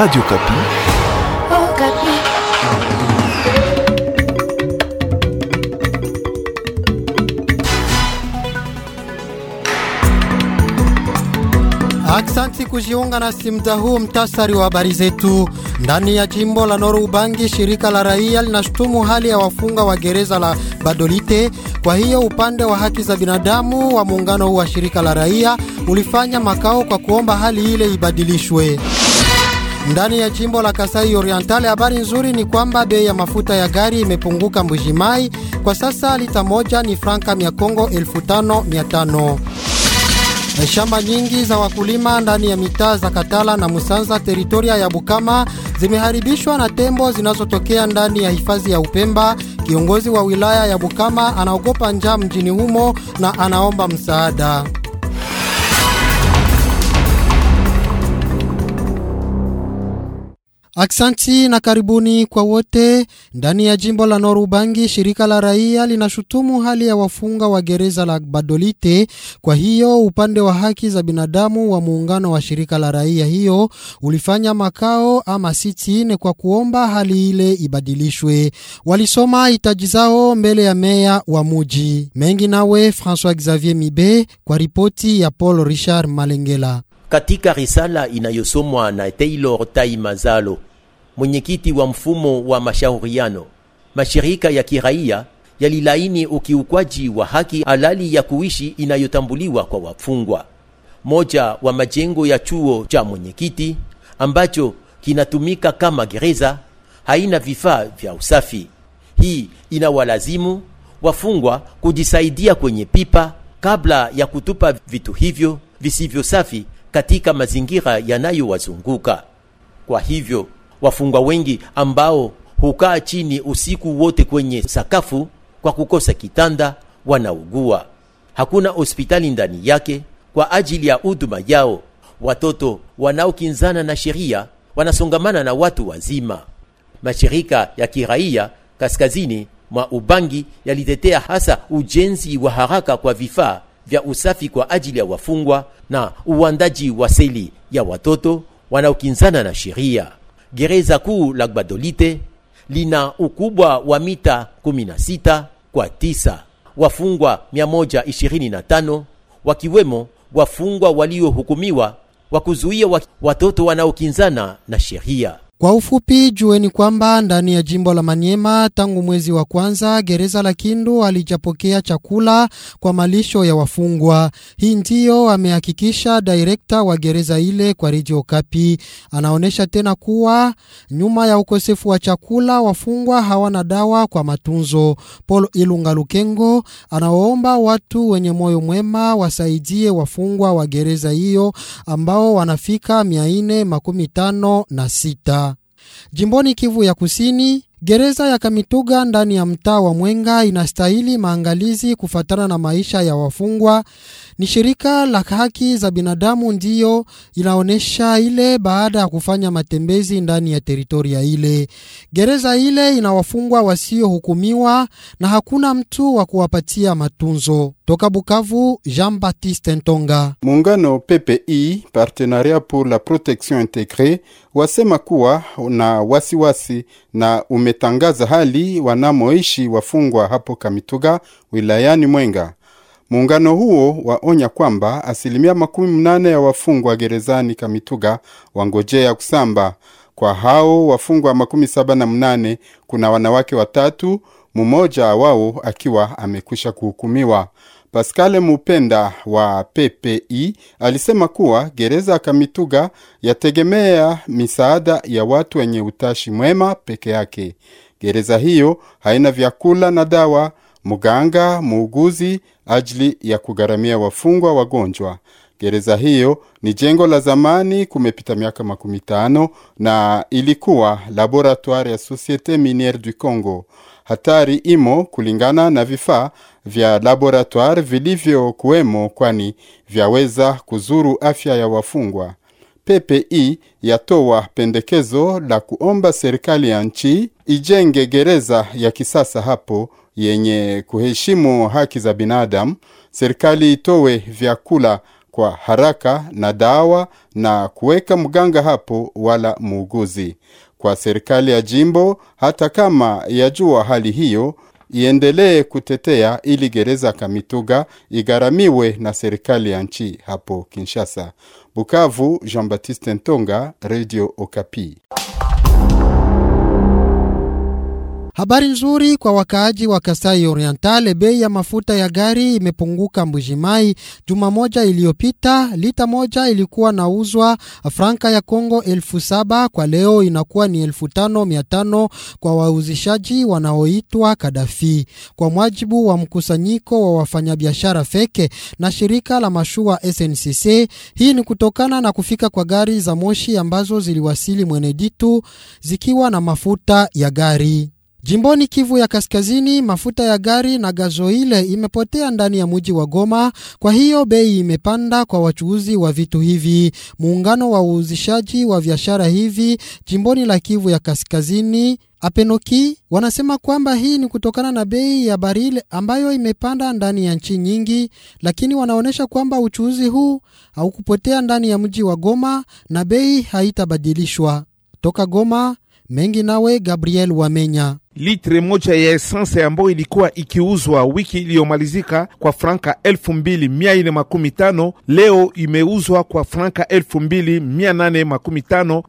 Radio Kapi. Oh, Kapi. Aksanti kujiunga na simta huu mtasari wa habari zetu. Ndani ya jimbo la Noru Ubangi, shirika la raia linashutumu hali ya wafunga wa gereza la Badolite. Kwa hiyo upande wa haki za binadamu wa muungano huu wa shirika la raia ulifanya makao kwa kuomba hali ile ibadilishwe. Ndani ya jimbo la Kasai Oriental, habari nzuri ni kwamba bei ya mafuta ya gari imepunguka Mbujimai. Kwa sasa lita moja ni franka mia Kongo tano. Eh, shamba nyingi za wakulima ndani ya mitaa za Katala na Musanza teritoria ya Bukama zimeharibishwa na tembo zinazotokea ndani ya hifadhi ya Upemba. Kiongozi wa wilaya ya Bukama anaogopa njaa mjini humo na anaomba msaada. Aksanti na karibuni kwa wote. Ndani ya jimbo la Norubangi, shirika la raia linashutumu hali ya wafunga wa gereza la Badolite. Kwa hiyo upande wa haki za binadamu wa muungano wa shirika la raia hiyo ulifanya makao ama siti ne kwa kuomba hali ile ibadilishwe. Walisoma hitaji zao mbele ya meya wa muji mengi. Nawe François Xavier Mibe kwa ripoti ya Paul Richard Malengela. Katika risala inayosomwa na Taylor Taimazalo mwenyekiti wa mfumo wa mashauriano, mashirika ya kiraia yalilaini ukiukwaji wa haki halali ya kuishi inayotambuliwa kwa wafungwa. Moja wa majengo ya chuo cha mwenyekiti ambacho kinatumika kama gereza haina vifaa vya usafi. Hii inawalazimu wafungwa kujisaidia kwenye pipa kabla ya kutupa vitu hivyo visivyo safi katika mazingira yanayowazunguka. Kwa hivyo wafungwa wengi ambao hukaa chini usiku wote kwenye sakafu kwa kukosa kitanda, wanaugua. Hakuna hospitali ndani yake kwa ajili ya huduma yao. Watoto wanaokinzana na sheria wanasongamana na watu wazima. Mashirika ya kiraia kaskazini mwa Ubangi yalitetea hasa ujenzi wa haraka kwa vifaa vya usafi kwa ajili ya wafungwa na uandaji wa seli ya watoto wanaokinzana na sheria. Gereza kuu la Gbadolite lina ukubwa wa mita 16 kwa 9, wafungwa 125 wakiwemo wafungwa waliohukumiwa wa kuzuia watoto wanaokinzana na sheria. Kwa ufupi, jueni kwamba ndani ya jimbo la manyema tangu mwezi wa kwanza gereza la Kindu alijapokea chakula kwa malisho ya wafungwa. Hii ndiyo amehakikisha direkta wa gereza ile kwa Radio Kapi. Anaonyesha tena kuwa nyuma ya ukosefu wa chakula wafungwa hawana dawa kwa matunzo. Paul Ilunga Lukengo anawaomba watu wenye moyo mwema wasaidie wafungwa wa gereza hiyo ambao wanafika mia nne makumi tano na sita. Jimboni Kivu ya Kusini, Gereza ya Kamituga ndani ya mtaa wa Mwenga inastahili maangalizi kufatana na maisha ya wafungwa. Ni shirika la haki za binadamu ndiyo inaonyesha ile baada ya kufanya matembezi ndani ya teritoria ile. Gereza ile ina wafungwa wasiohukumiwa na hakuna mtu wa kuwapatia matunzo. Toka Bukavu, Jean-Baptiste Ntonga. Muungano PPI Partenariat pour la Protection Integrée wasema kuwa na wasiwasi na ume imetangaza hali wanamoishi wafungwa hapo Kamituga wilayani Mwenga. Muungano huo waonya kwamba asilimia makumi mnane ya wafungwa gerezani Kamituga wangojea kusamba. Kwa hao wafungwa makumi saba na mnane kuna wanawake watatu, mmoja wao akiwa amekwisha kuhukumiwa. Pascal Mupenda wa PPI alisema kuwa gereza Kamituga yategemea misaada ya watu wenye utashi mwema peke yake. Gereza hiyo haina vyakula na dawa, mganga, muuguzi ajili ya kugharamia wafungwa wagonjwa. Gereza hiyo ni jengo la zamani, kumepita miaka makumi tano na ilikuwa laboratoire ya Societe Miniere du Congo. Hatari imo kulingana na vifaa vya laboratoire vilivyokuwemo, kwani vyaweza kuzuru afya ya wafungwa. PPI e yatoa pendekezo la kuomba serikali ya nchi ijenge gereza ya kisasa hapo yenye kuheshimu haki za binadamu. Serikali itowe vyakula kwa haraka na dawa na kuweka mganga hapo wala muuguzi. Kwa serikali ya jimbo, hata kama yajua hali hiyo, iendelee kutetea ili gereza Kamituga igharamiwe na serikali ya nchi hapo Kinshasa. Bukavu, Jean Baptiste Ntonga, Radio Okapi. Habari nzuri kwa wakaaji wa Kasai oriental bei ya mafuta ya gari imepunguka Mbujimai. Juma moja iliyopita lita moja ilikuwa nauzwa franka ya Kongo elfu saba kwa leo inakuwa ni elfu tano mia tano kwa wauzishaji wanaoitwa Kadafi, kwa mwajibu wa mkusanyiko wa wafanyabiashara feke na shirika la mashua SNCC. Hii ni kutokana na kufika kwa gari za moshi ambazo ziliwasili Mweneditu zikiwa na mafuta ya gari. Jimboni Kivu ya Kaskazini, mafuta ya gari na gazoile imepotea ndani ya mji wa Goma, kwa hiyo bei imepanda kwa wachuuzi wa vitu hivi. Muungano wa uuzishaji wa biashara hivi jimboni la Kivu ya Kaskazini Apenoki wanasema kwamba hii ni kutokana na bei ya baril ambayo imepanda ndani ya nchi nyingi, lakini wanaonyesha kwamba uchuuzi huu haukupotea ndani ya mji wa Goma na bei haitabadilishwa. Toka Goma mengi nawe Gabriel Wamenya. Litre moja ya esanse ambayo ilikuwa ikiuzwa wiki iliyomalizika kwa franka elfu mbili mia ine leo imeuzwa kwa franka elfu mbili mia nane makumi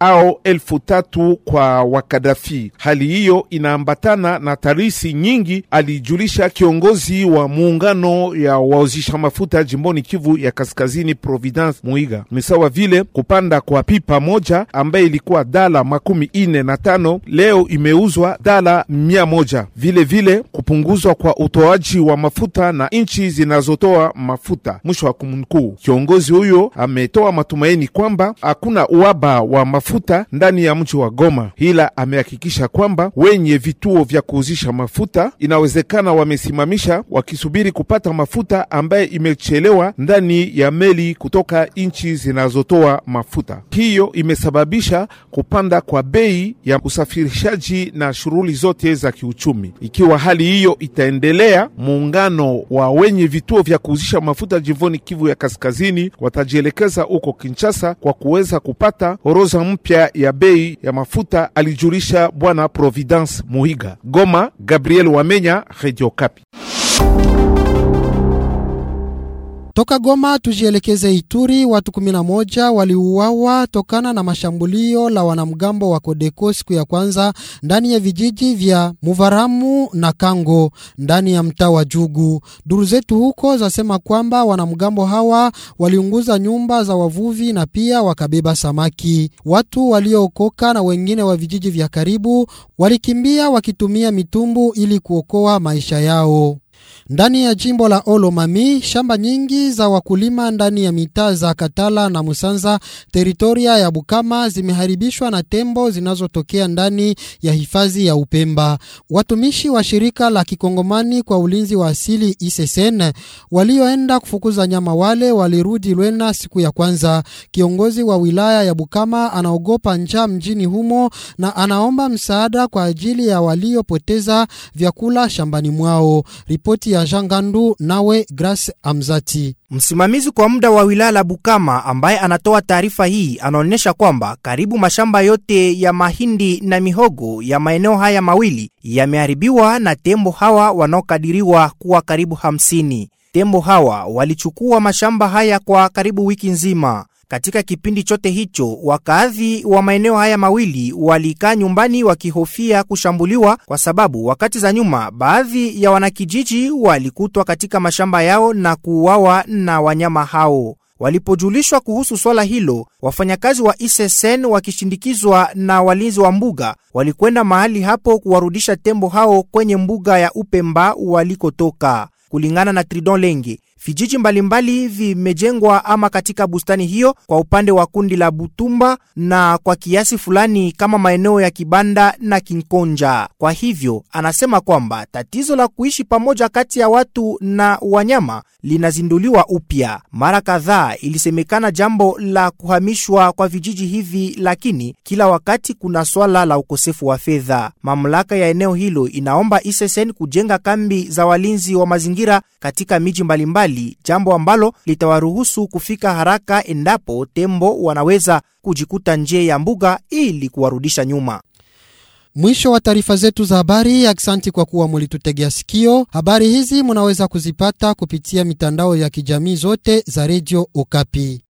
au elfu tatu kwa Wakadafi. Hali hiyo inaambatana na tarisi nyingi, alijulisha kiongozi wa muungano ya wauzisha mafuta jimboni Kivu ya Kaskazini, Providence Muiga. Misawa vile kupanda kwa pipa moja ambaye ilikuwa dala makumi ine na tano leo imeuzwa dala mia moja. Vile vile kupunguzwa kwa utoaji wa mafuta na nchi zinazotoa mafuta. Mwisho wa kumnukuu. Kiongozi huyo ametoa matumaini kwamba hakuna uhaba wa mafuta ndani ya mji wa Goma, ila amehakikisha kwamba wenye vituo vya kuuzisha mafuta inawezekana wamesimamisha wakisubiri kupata mafuta ambaye imechelewa ndani ya meli kutoka nchi zinazotoa mafuta. Hiyo imesababisha kupanda kwa bei ya usafirishaji na shughuli zote zote za kiuchumi. Ikiwa hali hiyo itaendelea, muungano wa wenye vituo vya kuuzisha mafuta jimboni Kivu ya Kaskazini watajielekeza huko Kinshasa kwa kuweza kupata horoza mpya ya bei ya mafuta, alijulisha Bwana Providence Muhiga. Goma, Gabriel Wamenya, Radio Kapi. Toka Goma tujielekeze Ituri. Watu 11 waliuawa tokana na mashambulio la wanamgambo wa Kodeko siku ya kwanza ndani ya vijiji vya Muvaramu na Kango ndani ya mtaa wa Jugu. Duru zetu huko zasema kwamba wanamgambo hawa waliunguza nyumba za wavuvi na pia wakabeba samaki. Watu waliookoka na wengine wa vijiji vya karibu walikimbia wakitumia mitumbu ili kuokoa maisha yao. Ndani ya jimbo la Olomami, shamba nyingi za wakulima ndani ya mitaa za Katala na Musanza, teritoria ya Bukama, zimeharibishwa na tembo zinazotokea ndani ya hifadhi ya Upemba. Watumishi wa shirika la kikongomani kwa ulinzi wa asili ISSN walioenda kufukuza nyama wale walirudi Lwena siku ya kwanza. Kiongozi wa wilaya ya Bukama anaogopa njaa mjini humo na anaomba msaada kwa ajili ya waliopoteza vyakula shambani mwao. Ripoti ya Jean Gandu nawe Grace Amzati. Msimamizi kwa muda wa wilaya la Bukama ambaye anatoa taarifa hii anaonyesha kwamba karibu mashamba yote ya mahindi na mihogo ya maeneo haya mawili yameharibiwa na tembo hawa wanaokadiriwa kuwa karibu hamsini. Tembo hawa walichukua mashamba haya kwa karibu wiki nzima. Katika kipindi chote hicho, wakazi wa maeneo haya mawili walikaa nyumbani wakihofia kushambuliwa, kwa sababu wakati za nyuma baadhi ya wanakijiji walikutwa katika mashamba yao na kuuawa na wanyama hao. Walipojulishwa kuhusu swala hilo, wafanyakazi wa SSN wakishindikizwa na walinzi wa mbuga walikwenda mahali hapo kuwarudisha tembo hao kwenye mbuga ya Upemba walikotoka. Kulingana na Tridon Lenge, Vijiji mbalimbali vimejengwa ama katika bustani hiyo kwa upande wa kundi la Butumba na kwa kiasi fulani kama maeneo ya Kibanda na Kinkonja. Kwa hivyo anasema kwamba tatizo la kuishi pamoja kati ya watu na wanyama linazinduliwa upya. Mara kadhaa ilisemekana jambo la kuhamishwa kwa vijiji hivi, lakini kila wakati kuna swala la ukosefu wa fedha. Mamlaka ya eneo hilo inaomba SSN kujenga kambi za walinzi wa mazingira katika miji mbalimbali mbali, jambo ambalo litawaruhusu kufika haraka endapo tembo wanaweza kujikuta nje ya mbuga ili kuwarudisha nyuma. Mwisho wa taarifa zetu za habari. Aksanti kwa kuwa mulitutegea sikio. Habari hizi munaweza kuzipata kupitia mitandao ya kijamii zote za redio Okapi.